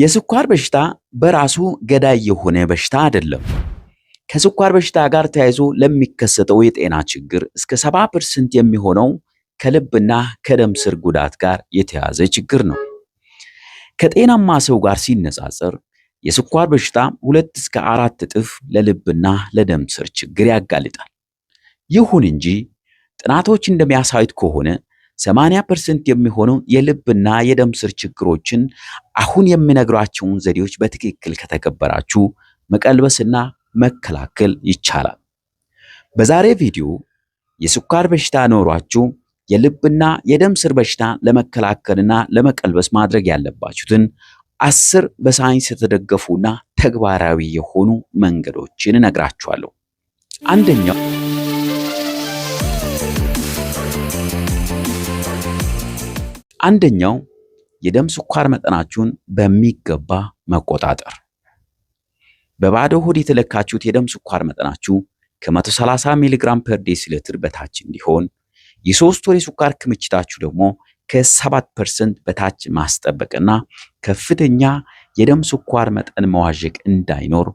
የስኳር በሽታ በራሱ ገዳይ የሆነ በሽታ አይደለም። ከስኳር በሽታ ጋር ተያይዞ ለሚከሰተው የጤና ችግር እስከ 70% የሚሆነው ከልብና ከደም ስር ጉዳት ጋር የተያዘ ችግር ነው። ከጤናማ ሰው ጋር ሲነጻጸር የስኳር በሽታ ሁለት እስከ አራት እጥፍ ለልብና ለደም ስር ችግር ያጋልጣል። ይሁን እንጂ ጥናቶች እንደሚያሳዩት ከሆነ 80 ፐርሰንት የሚሆነው የልብና የደም ስር ችግሮችን አሁን የሚነግሯቸውን ዘዴዎች በትክክል ከተገበራችሁ መቀልበስና መከላከል ይቻላል። በዛሬ ቪዲዮ የስኳር በሽታ ኖሯችሁ የልብና የደም ስር በሽታ ለመከላከልና ለመቀልበስ ማድረግ ያለባችሁትን አስር በሳይንስ የተደገፉና ተግባራዊ የሆኑ መንገዶችን እነግራችኋለሁ። አንደኛው አንደኛው የደም ስኳር መጠናችሁን በሚገባ መቆጣጠር። በባዶ ሆድ የተለካችሁት የደም ስኳር መጠናችሁ ከ130 ሚሊግራም ፐር ዴሲሊትር በታች እንዲሆን የሶስት ወር የስኳር ክምችታችሁ ደግሞ ከ7% በታች ማስጠበቅና ከፍተኛ የደም ስኳር መጠን መዋዠቅ እንዳይኖር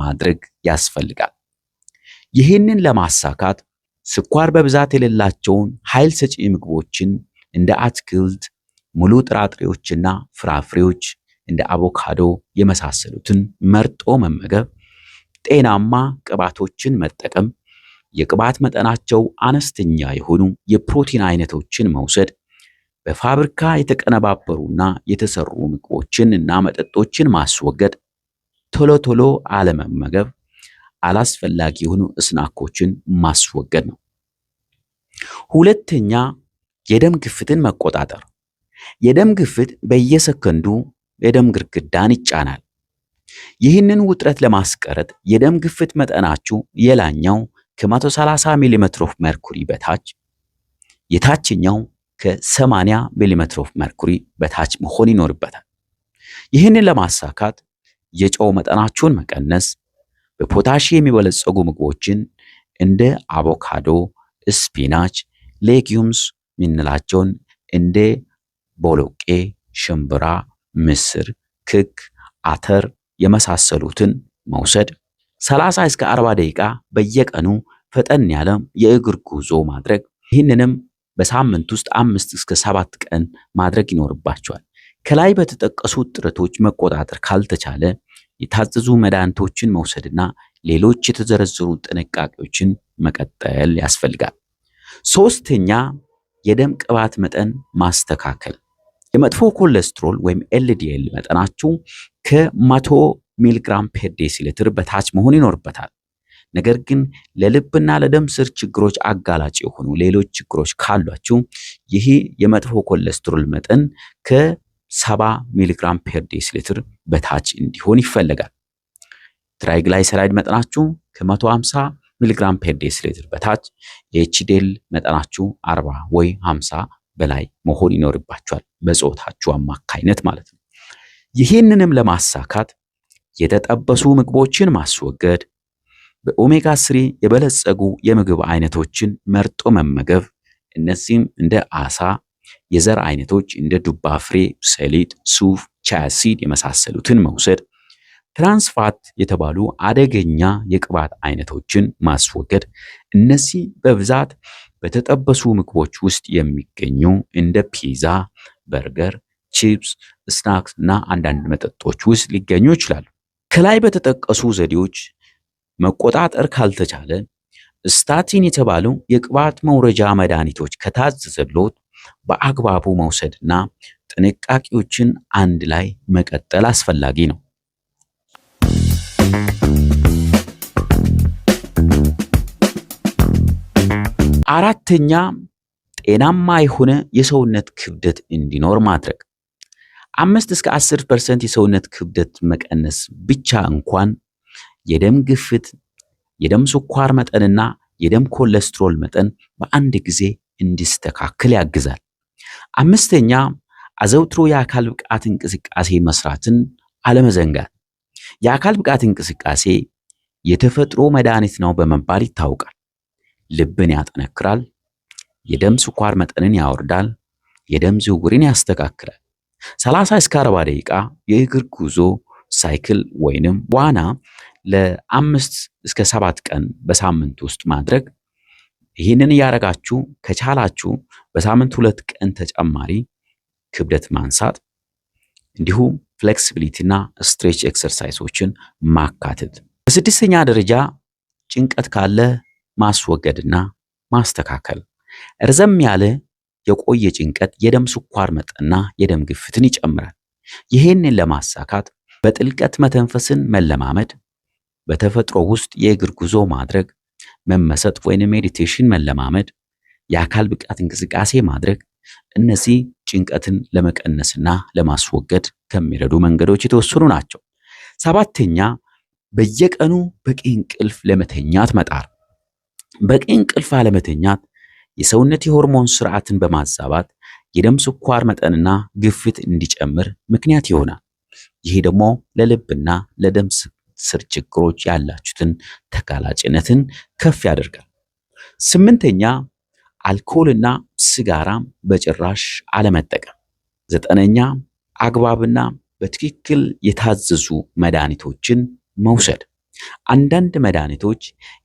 ማድረግ ያስፈልጋል። ይህንን ለማሳካት ስኳር በብዛት የሌላቸውን ኃይል ሰጪ ምግቦችን እንደ አትክልት፣ ሙሉ ጥራጥሬዎችና ፍራፍሬዎች እንደ አቮካዶ የመሳሰሉትን መርጦ መመገብ፣ ጤናማ ቅባቶችን መጠቀም፣ የቅባት መጠናቸው አነስተኛ የሆኑ የፕሮቲን አይነቶችን መውሰድ፣ በፋብሪካ የተቀነባበሩና የተሰሩ ምግቦችን እና መጠጦችን ማስወገድ፣ ቶሎ ቶሎ አለመመገብ፣ አላስፈላጊ የሆኑ እስናኮችን ማስወገድ ነው። ሁለተኛ የደም ግፍትን መቆጣጠር የደም ግፊት በየሰከንዱ የደም ግድግዳን ይጫናል። ይህንን ውጥረት ለማስቀረት የደም ግፊት መጠናችሁ የላይኛው ከ130 ሚሊሜትሮፍ መርኩሪ በታች የታችኛው ከ80 ሚሜ መርኩሪ በታች መሆን ይኖርበታል። ይህንን ለማሳካት የጨው መጠናችሁን መቀነስ፣ በፖታሺየም የሚበለጸጉ ምግቦችን እንደ አቮካዶ፣ ስፒናች፣ ሌጊዩምስ የምንላቸውን እንደ ቦሎቄ፣ ሽምብራ፣ ምስር፣ ክክ፣ አተር የመሳሰሉትን መውሰድ። 30 እስከ 40 ደቂቃ በየቀኑ ፈጠን ያለ የእግር ጉዞ ማድረግ። ይህንንም በሳምንት ውስጥ አምስት እስከ ሰባት ቀን ማድረግ ይኖርባቸዋል። ከላይ በተጠቀሱት ጥረቶች መቆጣጠር ካልተቻለ የታዘዙ መድኃኒቶችን መውሰድና ሌሎች የተዘረዘሩ ጥንቃቄዎችን መቀጠል ያስፈልጋል። ሶስተኛ የደም ቅባት መጠን ማስተካከል የመጥፎ ኮሌስትሮል ወይም ኤልዲኤል መጠናችሁ ከመቶ ሚሊግራም ፐር ዴሲሊትር በታች መሆን ይኖርበታል። ነገር ግን ለልብና ለደም ስር ችግሮች አጋላጭ የሆኑ ሌሎች ችግሮች ካሏችሁ ይህ የመጥፎ ኮሌስትሮል መጠን ከሰባ ሚሊግራም ፐር ዴሲሊትር በታች እንዲሆን ይፈለጋል። ትራይግላይሰራይድ መጠናችሁ ከ150 ሚሊግራም ፐር ዴሲሊትር በታች፣ የኤችዲኤል መጠናችሁ 40 ወይ 50 በላይ መሆን ይኖርባቸዋል። በጾታችሁ አማካይነት ማለት ነው። ይህንንም ለማሳካት የተጠበሱ ምግቦችን ማስወገድ፣ በኦሜጋ ስሪ የበለጸጉ የምግብ አይነቶችን መርጦ መመገብ። እነዚህም እንደ አሳ፣ የዘር አይነቶች እንደ ዱባ ፍሬ፣ ሰሊጥ፣ ሱፍ፣ ቻያሲድ የመሳሰሉትን መውሰድ፣ ትራንስፋት የተባሉ አደገኛ የቅባት አይነቶችን ማስወገድ። እነዚህ በብዛት በተጠበሱ ምግቦች ውስጥ የሚገኙ እንደ ፒዛ፣ በርገር፣ ቺፕስ፣ ስናክስ እና አንዳንድ መጠጦች ውስጥ ሊገኙ ይችላሉ። ከላይ በተጠቀሱ ዘዴዎች መቆጣጠር ካልተቻለ ስታቲን የተባለው የቅባት መውረጃ መድኃኒቶች ከታዘዘሎት በአግባቡ መውሰድና ጥንቃቄዎችን አንድ ላይ መቀጠል አስፈላጊ ነው። አራተኛ ጤናማ የሆነ የሰውነት ክብደት እንዲኖር ማድረግ። አምስት እስከ አስር ፐርሰንት የሰውነት ክብደት መቀነስ ብቻ እንኳን የደም ግፊት፣ የደም ስኳር መጠንና የደም ኮሌስትሮል መጠን በአንድ ጊዜ እንዲስተካከል ያግዛል። አምስተኛ አዘውትሮ የአካል ብቃት እንቅስቃሴ መስራትን አለመዘንጋት። የአካል ብቃት እንቅስቃሴ የተፈጥሮ መድኃኒት ነው በመባል ይታወቃል። ልብን ያጠነክራል፣ የደም ስኳር መጠንን ያወርዳል፣ የደም ዝውውርን ያስተካክላል። 30 እስከ 40 ደቂቃ የእግር ጉዞ፣ ሳይክል ወይንም ዋና ለአምስት እስከ ሰባት ቀን በሳምንት ውስጥ ማድረግ። ይህንን እያደረጋችሁ ከቻላችሁ በሳምንት ሁለት ቀን ተጨማሪ ክብደት ማንሳት እንዲሁም እና ስትሬች ኤክሰርሳይሶችን ማካተት። በስድስተኛ ደረጃ ጭንቀት ካለ ማስወገድና ማስተካከል ረዘም ያለ የቆየ ጭንቀት የደም ስኳር መጠንና የደም ግፊትን ይጨምራል። ይህንን ለማሳካት በጥልቀት መተንፈስን መለማመድ፣ በተፈጥሮ ውስጥ የእግር ጉዞ ማድረግ፣ መመሰጥ ወይም ሜዲቴሽን መለማመድ፣ የአካል ብቃት እንቅስቃሴ ማድረግ እነዚህ ጭንቀትን ለመቀነስና ለማስወገድ ከሚረዱ መንገዶች የተወሰኑ ናቸው። ሰባተኛ በየቀኑ በቂ እንቅልፍ ለመተኛት መጣር በቂ እንቅልፍ አለመተኛት የሰውነት የሆርሞን ስርዓትን በማዛባት የደም ስኳር መጠንና ግፊት እንዲጨምር ምክንያት ይሆናል። ይሄ ደግሞ ለልብና ለደም ስር ችግሮች ያላችሁትን ተጋላጭነትን ከፍ ያደርጋል። ስምንተኛ አልኮልና ስጋራ በጭራሽ አለመጠቀም። ዘጠነኛ አግባብና በትክክል የታዘዙ መድኃኒቶችን መውሰድ አንዳንድ መድኃኒቶች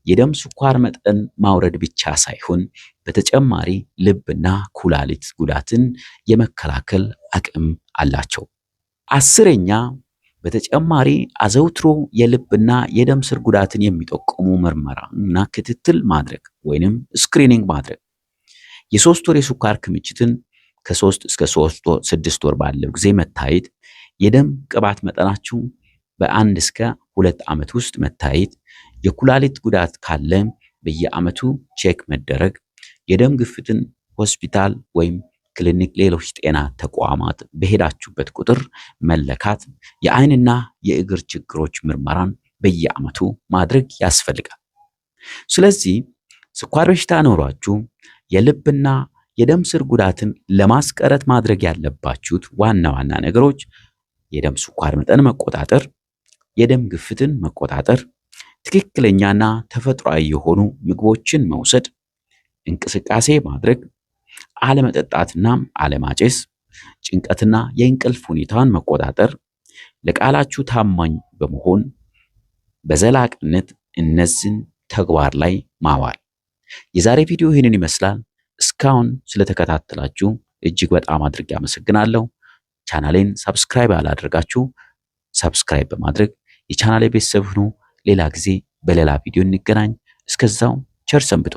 የደም ስኳር መጠን ማውረድ ብቻ ሳይሆን በተጨማሪ ልብና ኩላሊት ጉዳትን የመከላከል አቅም አላቸው። አስረኛ በተጨማሪ አዘውትሮ የልብና የደም ስር ጉዳትን የሚጠቁሙ ምርመራና ክትትል ማድረግ ወይንም ስክሪኒንግ ማድረግ የሶስት ወር የስኳር ክምችትን ከሶስት እስከ ስድስት ወር ባለው ጊዜ መታየት የደም ቅባት መጠናችሁ በአንድ እስከ ሁለት ዓመት ውስጥ መታየት፣ የኩላሊት ጉዳት ካለ በየዓመቱ ቼክ መደረግ፣ የደም ግፊትን ሆስፒታል ወይም ክሊኒክ፣ ሌሎች ጤና ተቋማት በሄዳችሁበት ቁጥር መለካት፣ የአይንና የእግር ችግሮች ምርመራን በየዓመቱ ማድረግ ያስፈልጋል። ስለዚህ ስኳር በሽታ ኖሯችሁ የልብና የደም ስር ጉዳትን ለማስቀረት ማድረግ ያለባችሁት ዋና ዋና ነገሮች የደም ስኳር መጠን መቆጣጠር፣ የደም ግፍትን መቆጣጠር፣ ትክክለኛና ተፈጥሯዊ የሆኑ ምግቦችን መውሰድ፣ እንቅስቃሴ ማድረግ፣ አለመጠጣትና አለማጨስ፣ ጭንቀትና የእንቅልፍ ሁኔታን መቆጣጠር፣ ለቃላችሁ ታማኝ በመሆን በዘላቅነት እነዚህን ተግባር ላይ ማዋል። የዛሬ ቪዲዮ ይህንን ይመስላል። እስካሁን ስለተከታተላችሁ እጅግ በጣም አድርጌ አመሰግናለሁ። ቻናሌን ሰብስክራይብ ያላደረጋችሁ ሰብስክራይብ በማድረግ የቻናል ቤተሰብ ሁኑ። ሌላ ጊዜ በሌላ ቪዲዮ እንገናኝ። እስከዛው ቸር ሰንብቱ።